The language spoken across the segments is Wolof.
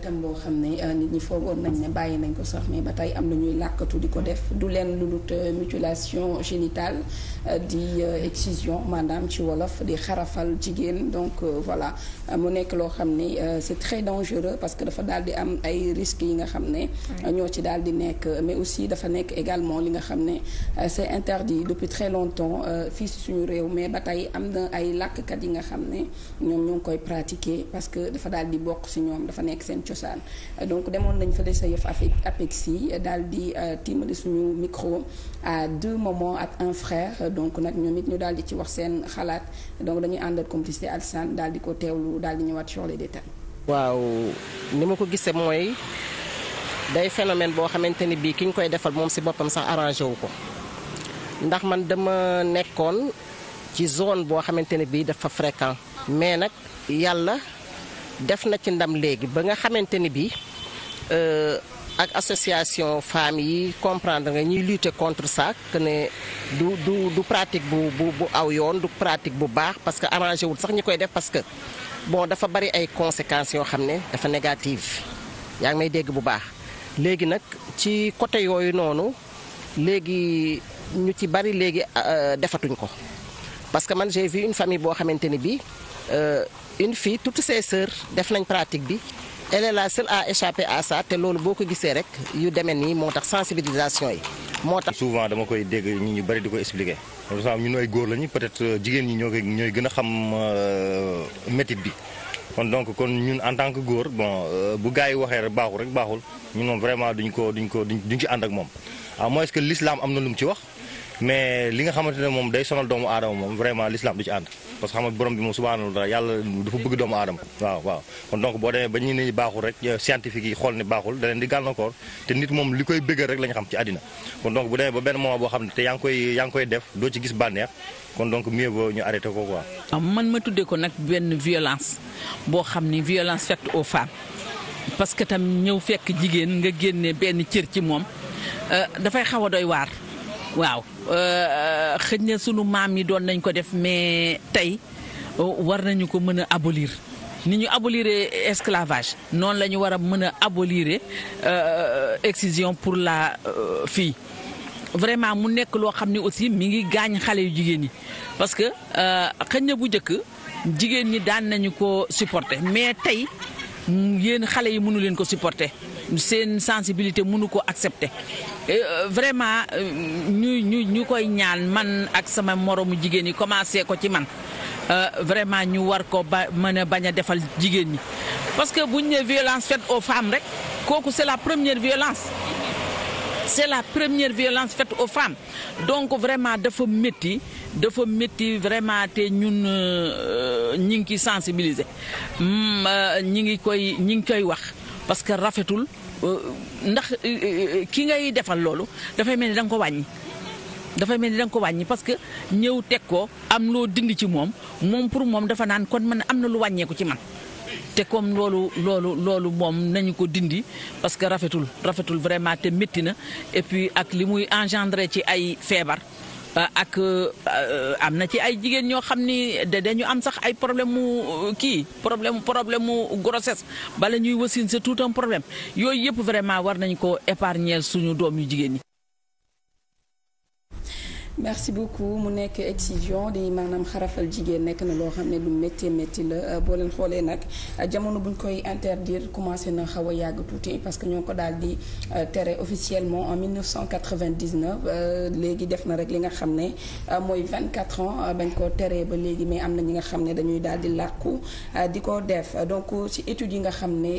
tam boo xam ne euh, nit ñi foogoon nañ ne bàyyi nañ ko sax mais ba tey am na ñuy làkkatu di ko def du leen lu lulut euh, mutilation génitale euh, di excision maanaam ci wolof di xarafal jigéen donc voilà mu nekk loo xam ne c'est très dangereux parce que dafa daal di am ay risques yi nga xam ne ñoo ci daal di nekk mais aussi dafa nekk également li nga xam ne c'est interdit depuis très longtemps fii si suñu réew mais ba tey am na ay làkkkat yi nga xam ne ñoom ñoo ngi koy pratiquer parce que dafa daal di bokk si ñoom dafa nekk seen cosaan donc demoon nañ fële sa yëf APEX yi daal di euh, tiimali suñu micro à deux moments ak un frère donc nag ñoom it ñu daal di ci wax seen xalaat donc dañuy àndal complicité alsan daal di ko teewlu daal di ñëwaat sur les détails waaw ni ma ko gisee mooy day phénomène boo xamante ni bii ki ñu koy defal moom si boppam sax arrangé wu ko ndax man dama nekkoon ci zone boo xamante ne bii dafa fréquent mais nag yàlla def na ci ndam léegi ba nga xamante ni bi euh, ak association femmes yi comprendre nga ñuy lutter contre ça que ne du du du pratique bu bu bu aw yoon du pratique bu baax parce que arrangé wul sax ñi koy def parce que bon dafa bari ay conséquences yoo xam ne dafa négative yaa ngi may dégg bu baax léegi nag ci côté yooyu noonu léegi ñu ci bari léegi euh, defatuñ ko parce que man j'ai une famille boo xamante ni bi euh, une fille tout ses sœurs def nañ pratique bi elle est la seule à échapper à ça te loolu boo ko gisee rek yu demee nii moo tax sensibilisation yi moo tax. souvent dama koy dégg ñi ñu bëri di ko expliquer. loolu sax ñun ay góor lañu peut-être euh, jigéen ñi ñoo koy ñooy gën a xam euh, métit bi kon donc kon ñun en tant que góor bon euh, bu gars yi waxee rek baaxul rek baaxul ñun moom vraiment duñ ko duñ ko duñ ci ànd ak moom. à moins que lislaam am na lu mu ci wax mais li nga xamante ne moom day sonal doomu aadama moom vraiment du ci ànd. parce que xam borom bi moom subhaanahu wa taala yàlla dafa bëgg doomu aadama waaw waaw kon donc boo demee ba ñu ne baaxul rek euh, scientifique yi xool ne baaxul da leen di gàllankoor te nit moom li koy bëggal rek la xam ci àddina kon donc bu demee ba benn moment boo xam ne te yaa ngi koy def doo ci gis bànneex kon donc mieux vaut ñu arrêté ko quoi. Ah, man ma tuddee ko nag benn violence boo xam ni violence faite aux femmes parce tam ñëw fekk jigéen nga génne benn cër ci euh, a waaw euh, euh, xëñ na sunu maam yi doon nañ ko def mais tey euh, war nañu ko mën a abolir ni ñu abolir esclavage noonu la ñu war a mën a abolir excision pour la fille vraiment mu nekk loo xam ni aussi mi ngi gaañ xale yu jigéen ñi parce que xëj na bu njëkk jigéen ñi daan nañu ko supporter mais tey yéen xale yi mënu leen ko supporter seen sensibilité munu ko accepter euh, vraiment euh, ñu ñu ñu koy ñaan man ak sama moromu jigéen yi commencé ko ci man euh, vraiment ñu war ko ba mën bañ a defal jigéen ñi parce que bu ñu ne violence faite aux femmes rek kooku c'est la première violence c'est la première violence faite aux femmes donc vraiment dafa métti dafa métti vraiment te ñun ñi ngi ciy sensibiliser mm, ñi ngi koy ñi ngi koy wax parce que rafetul Euh, ndax euh, euh, ki ngay defal loolu dafay mel ni da nga ko wàññi. dafay mel ni da nga ko wàññi parce que ñëw teg ko am loo dindi ci moom moom pour moom dafa naan kon man am na lu wàññeeku ci man. te comme loolu loolu loolu moom nañu ko dindi parce que rafetul rafetul vraiment te métti na et puis ak li muy engendré ci ay feebar. Euh, ak euh, am na ci ay jigéen ñoo xam ni dañu am sax ay problème mu euh, kii problème problème mu grossesse bala ñuy wasin c'est tout un problème yooyu yëpp vraiment war nañ ko épargner suñu doom yu jigéen ñi. merci beaucoup mu nekk excision di maanaam xarafal jigéen nekk na loo xam ne lu métti métti la euh, boo leen xoolee nag euh, jamono buñ koy interdire commencé na xaw a yàgg tuuti parce que ñoo ko daal di euh, tere officiellement en 1999 léegi def na rek li nga xam ne mooy vingt 24 ans bañ koo teree ba léegi mais am na ñi nga xam ne dañuy daal di làkku di ko def donc ci études yi nga xam ne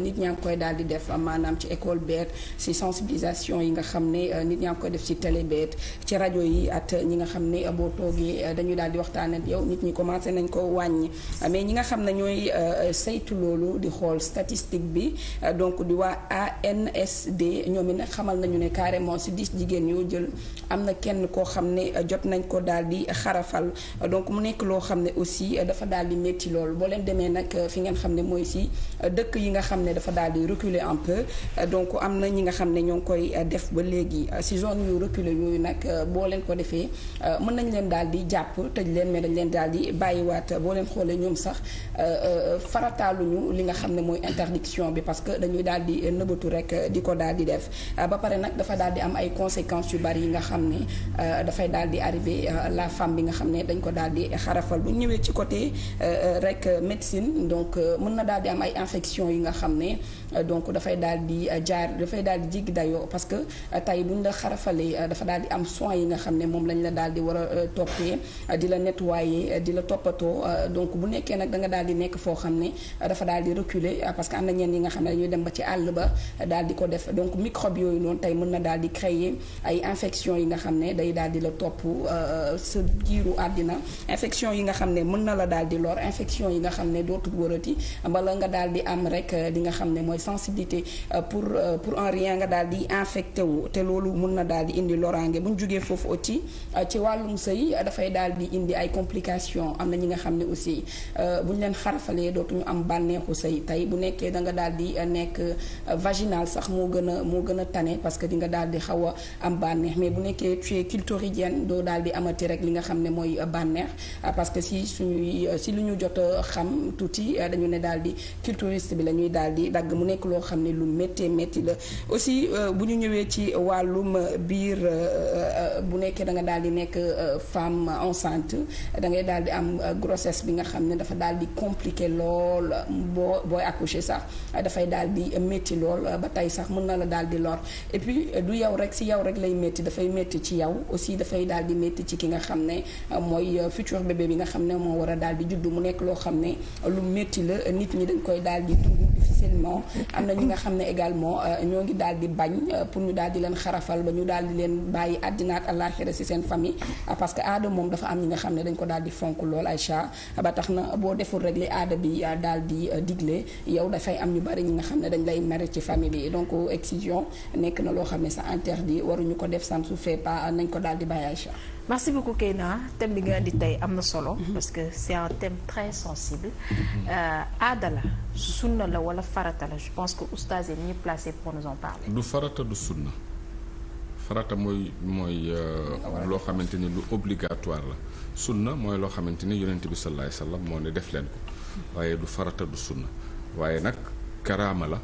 nit ñaa ngi koy daal di def maanaam ci école beet ci sensibilisation yi nga xam ne ñaa ngi koy def ci télé ci rajo yi. yi at ñi nga xam ne boo toogee eh, dañuy daal di waxtaan ak yow nit ñi commencé nañ ko wàññi ah, mais ñi nga xam ne ñooy eh, saytu loolu di xool statistique bi eh, donc di waa ANSD ñoom it nag xamal nañu ne carrément si dix jigéen yoo jël am na kenn koo xam ne jot nañ ko daal di xarafal donc mu nekk loo xam ne aussi dafa daal di métti loolu boo leen demee nag fi ngeen xam ne mooy si dëkk yi nga xam ne dafa daal di reculer un peu donc am na ñi nga xam ne ñoo koy def ba léegi si leen ko defee mën nañ leen daal di jàpp tëj leen mais dañ leen daal di bàyyiwaat boo leen xoolee ñoom sax farataaluñu li nga xam ne mooy interdiction bi parce que dañuy daal di nëbatu rek di ko daal di def ba pare nag dafa daal di am ay conséquences yu bari yi nga xam ne dafay daal di arrivé la femme bi nga xam ne dañ ko daal di xarafal bu ñëwee ci côté rek médecine donc mën na daal di am ay infection yi nga xam ne donc dafay daal di jaar dafay daal di jéggi dayoo parce que tey buñ la xarafalee dafa daal di am soins yi nga xam ne moom lañ la daal di war a toppee di la nettoyer di la toppatoo donc bu nekkee nag da nga daal di nekk foo xam ne dafa daal di reculer parce que am na ñenn yi nga xam ne dañuy dem ba ci àll ba daal di def donc microbe yooyu noonu tey mën na daal di créer ay infection yi nga xam ne day daal di la topp sa jiiru àddina infection yi nga xam ne mën na la daal di lor infection yi nga xam ne dootul wërati bala nga daal di am rek li nga xam ne mooy sensibilité pour pour en nga daal di infecté wu te loolu mën na daal di indi loraange bu ñu jugee foofu aussi euh, ci wàllum sëy dafay daal di indi ay complications am na ñi nga xam ne aussi euh, bu ñu leen xarafalee dootuñu am bànneexu sëy tey bu nekkee da nga daal di euh, nekk vaginal sax moo gën a moo gën a tane parce que di nga daal di xaw a am bànneex mais bu nekkee tu es clitoridienne doo daal di amati rek li nga xam ne mooy bànneex parce que si suñuy si lu ñu jot a xam tuuti dañu ne daal di culturiste bi la ñuy daal di dagg mu nekk loo xam ne lu méttee métti la aussi bu ñu ñëwee ci wàllum biir bu nekk da nga daal di nekk euh, femme enceinte da ngay daal di am euh, grossesse bi nga xam ne dafa daal di compliqué lool boo booy accoucher sax dafay daal di métti lool ba tey sax mën na la daal di lor et puis euh, du yow rek si yow rek lay métti dafay métti ci yow aussi dafay daal di métti ci ki nga xam ne mooy futur bébé bi nga xam ne moo war a daal di juddu mu nekk loo xam ne lu métti la nit ñi dañ koy daal di dund musulman am na ñi nga xam ne également euh, ñoo ngi daal di bañ euh, pour ñu daal di leen xarafal ba ñu daal di leen bàyyi àddina ak àllaaxira ci seen famille ah, parce que aada moom dafa am ñi nga xam ne dañ ko daal di fonk lool Aïcha ah, ba tax na boo deful rek li aada bi euh, daal di digle yow dafay am ñu bari ñi nga xam ne dañ lay mere ci famille bi donc excision nekk na loo xam ne ça interdit waruñu ko def ça ne se fait nañ ko daal di bàyyi Aïcha merci beaucoup Keina thème bi nga indi tey am na solo. Mhm. parce que c'est un thème très sensible. Euh, aada la sunna la wala farata la je pense que oustaz est mieux placé pour nous en parler. du farata du sunna farata mooy mooy euh, loo xamante ni lu obligatoire la sun na mooy loo xamante ni yonent bi sallallahu moo ne def leen ko waaye du farata du sunna waaye nag karaama la.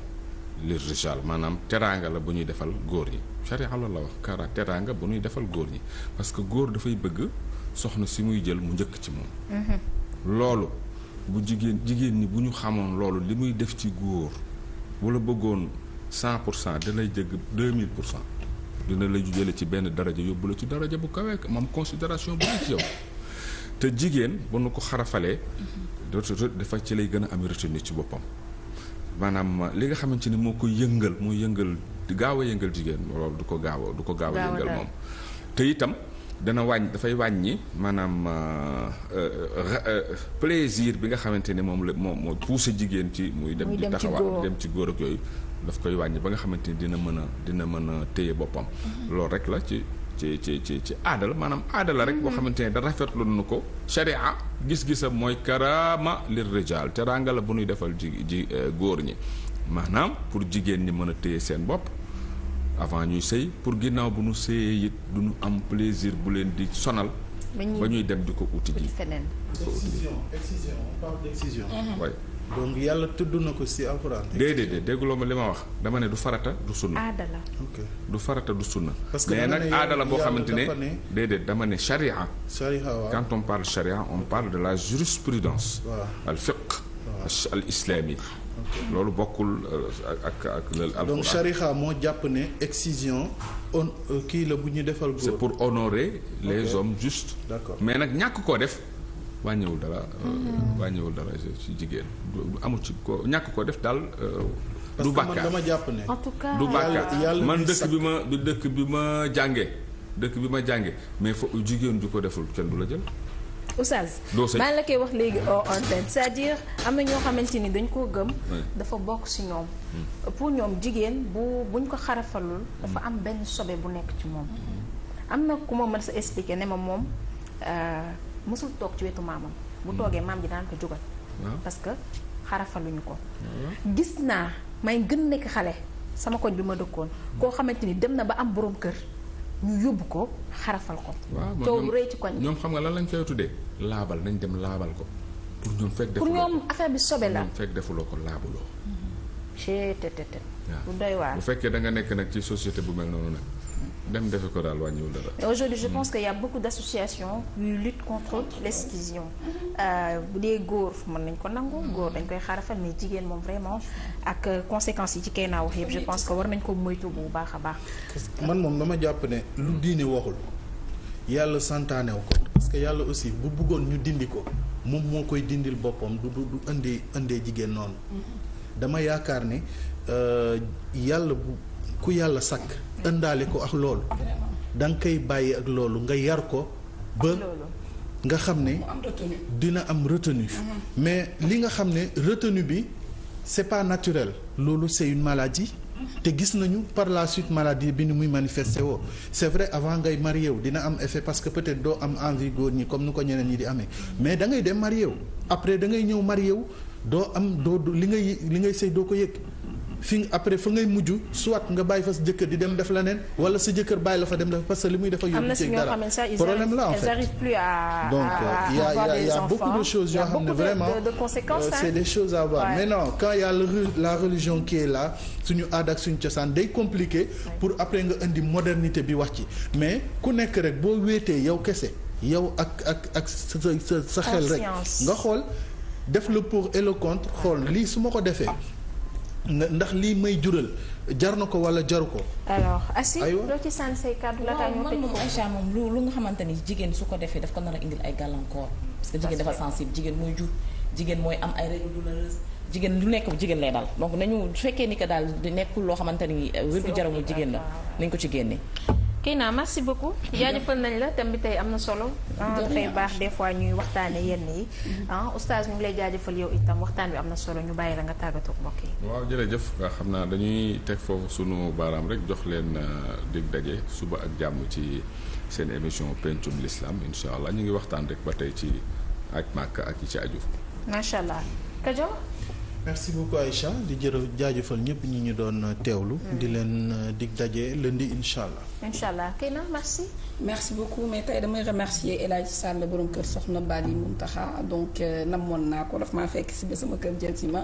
li rijal maanaam teraanga la bu ñuy defal góor ñi charia la wax kara teraanga bu ñuy defal góor ñi parce que góor dafay bëgg soxna si muy jël mu njëkk ci moom mm-hmm. loolu bu jigéen jigéen ñi bu ñu xamoon loolu li muy def ci góor bu la bëggoon cent pour cent da lay jëgg deux mille pour cent dina lay jële ci benn daraja yóbbu la ci daraja bu kawee moom considération bu ne ci te jigéen bu nu ko xarafalee mm-hmm. dafa ci lay gën a am retenu ci boppam maanaam li nga xamante ni moo ko yëngal moo yëngal gaaw a yëngal jigéen loolu du ko gaaw a du ko gaaw a yëngal moom te itam dana wàññ dafay wàññi maanaam euh, euh, euh, plaisir bi nga xamante ni moom la moom moo poussé jigéen ci muy dem di dem ci góor ak yooyu daf koy wàññi ba nga xamante ni dina mën a dina mën a téye boppam mhm. loolu rek la ci ci ci ci ci aada maanaam aadala rek boo mhm. xamante ne da rafetlu nu ko sharia gis-gisam mooy karaama lir rijaal teraanga la bu ñuy defal ji ji eh, góor ñi maanaam pour jigéen ñi mën a téye seen bopp avant ñuy sëy pour ginnaaw bu ñu sëyee it du ñu am plaisir bu leen di sonal ba ñuy dem di ko uti ji excision donc yàlla tudd na ko si alxuraan. déedéet dégguloo ma li ma wax dama ne du farata du sunna. aada du farata du sunna. parce que mais nag aadala boo xamante ne déedéet dama ne charia. charia waaw quand on parle charia on parle de la jurisprudence. waaw al fiqh. waaw loolu bokkul euh, ak ak ak. moo jàpp ne excision. on euh, kii la bu ñu defal góor. c'est pour honorer les hommes justes. d'accord mais nag ñàkk koo def. wàññiwul dara. Euh, mm-hmm. wàññiwul dara ci jigéen amul ci ko ñàkk ko def daal. Euh, du bàkkaar dama jàpp ne. en tout cas du euh, bàkkaar man dëkk bi ma dëkk bi ma jàngee dëkk bi ma jàngee mais fo jigéen ju ko deful kenn du la jël. Oustaz maa la koy wax léegi hors antenne c'est-à-dire am na ñoo xamante ni dañ koo gëm dafa bokk ci ñoom hmm. pour ñoom jigéen bu buñ ko xarafalul hmm. dafa am benn sobe bu nekk ci moom hmm. am na ku ma mën sa expliquer ne ma moom mosul toog ci wetu maamam bu hmm. toogee maam ji daan ko jógal hmm. parce que xarafaluñu ko hmm. gis naa may gën nekk xale sama koñ bi ma dëkkoon koo xamante ni dem na ba am boroom kër ñu yóbbu ko xarafal ko coow lu rëy ci koñ ñoom xam nga lan lañ koy tuddee laabal nañ dem laabal ko pour ñoom fekk defuloo pour ñoom affaire bi sobe la ñoom fekk defuloo ko laabaloo ctt lu doy waar bu fekkee da nekk nag ci société bu mel noonu nag dem defi ko daal wàññiwul dara. aujourd'hui je pense que y' a beaucoup d' associations yu lutte contre bu euh, dee góor mën nañ ko nangu hmm. góor dañ koy xarafal mais jigéen moom vraiment ak euh, conséquences yi ci kay naa wax yëpp je pense que war nañ ko moytu bu baax a baax. man moom dama jàpp ne lu diine waxul yàlla santaanew ko parce que yàlla aussi bu bëggoon ñu dindi ko moom moo koy dindil boppam du du du indee indee jigéen noonu. Hmm. dama yaakaar ne euh, yàlla bu ku yàlla sakk. ëndaale ko ak loolu da nga bàyyi ak loolu nga yar ko ba nga xam ne dina am retenue mais li nga xam ne retenue bi c'est pas naturel loolu c'est une maladie te gis nañu par la suite maladie bi ni muy manifesté woo c'est vrai avant ngay marié dina am effet parce que peut-être doo am envie góor ñi comme ni ko ñeneen ñi di amee mais dangay dem marié wu après da ngay ñëw marié wu doo am doo li ngay li ngay sëy doo ko yëg fi après fa ngay mujj soit nga bàyyi fa sa jëkkër di dem def leneen wala sa jëkkër bàyyi la fa dem def parce que li muy dafa yóbbu ci a euh, a il y a beaucoup de choses yoo xam ne vraiment euh, c'est des choses à voir mais non quand il la religion qui la là suñu aada ak suñu cosaan day compliqué pour après nga indi modernité bi wax ci mais ku nekk rek boo wéetee yow kese yow ak ak ak sa sa sa xel rek nga xool def le pour et xool lii su ma ko defee ndax lii may jural jar na ko wala jaru ko. alors Asi loo ci sànni say la tàññoo man moom Aïcha moom lu lu nga xamante ni jigéen su ko defee daf ko nar a indil ay gàllankoor. parce que jigéen dafa sensible jigéen mooy jur jigéen mooy am ay règles jigéen lu nekk jigéen lay dal donc nañu fekkee ni que daal di nekkul loo xamante ni wér gu jaramu jigéen la nañ ko ci génne. Keina merci beaucoup jaajëfal nañ la thème bi tey am na solo ah, dafay baax des fois ñuy waxtaane yenn yi mhm. ah oustaz ñu ngi lay jaajëfal yow itam waxtaan bi am na solo ñu bàyyi la nga tàggatoo mbokk yi waaw jëf nga xam naa dañuy teg foofu sunu baaraam rek jox leen euh, dégg daje suba ak jàmm ci seen émission pencum l'islam incha allah ñu ngi waxtaan rek ba tey ci ak màkk ak yi ci aju macha allah kajo merci beaucoup Aïcha di jërë jaajëfal ñëpp ñi ñu doon teewlu. Mm. di leen euh, dig daje lundi incha allah. incha allah kay na merci. merci beaucoup mais tey damay remercier El Hadj Sall borom kër Soxna Bali Muntaxa donc euh, namoon naa ko daf maa fekk si ba sama kër jël si ma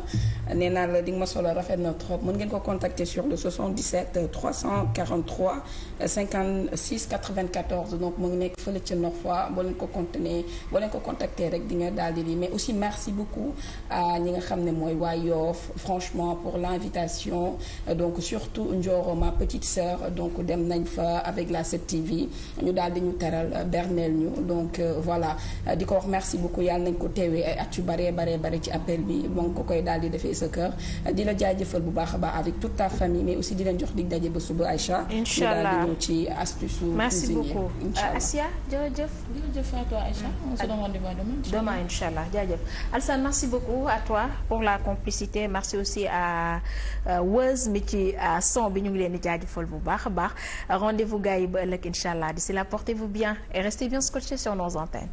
nee naa la di nga ma solo rafet na trop mën ngeen ko contacter sur le 77 343 56 94 donc mu ngi nekk fële ca Nord Foire boo leen ko contenee boo leen ko contacter rek di nga daal di lii mais aussi merci beaucoup à ñi nga xam ne mooy. waa Yoff franchement pour l'invitation euh, donc surtout Ndioro ma petite sœur donc dem nañ fa avec la 7TV ñu daal di ñu teral euh, berneel ñu donc euh, voilà di ko wax merci beaucoup yàlla nañ ko teewee ay at yu bare bare bare ci appel bi ba nga ko koy daal di defee sa kër di la jaajëfal bu baax a baax avec tout ta famille mais aussi di leen jox dig daje ba suba Aïcha inchallah ñu daal di ñëw ci astuce merci beaucoup Asia jërëjëf jërëjëf à toi Aïcha on se donne rendez-vous demain merci beaucoup à toi pour la complicité merci aussi à Wëz mi ci son bi ñu ngi leen di jaajëfal bu baax a baax rendez-vous gars yi ba ëllëg incha allah d'ici là portez-vous bien et restez bien scotchés sur nos antennes.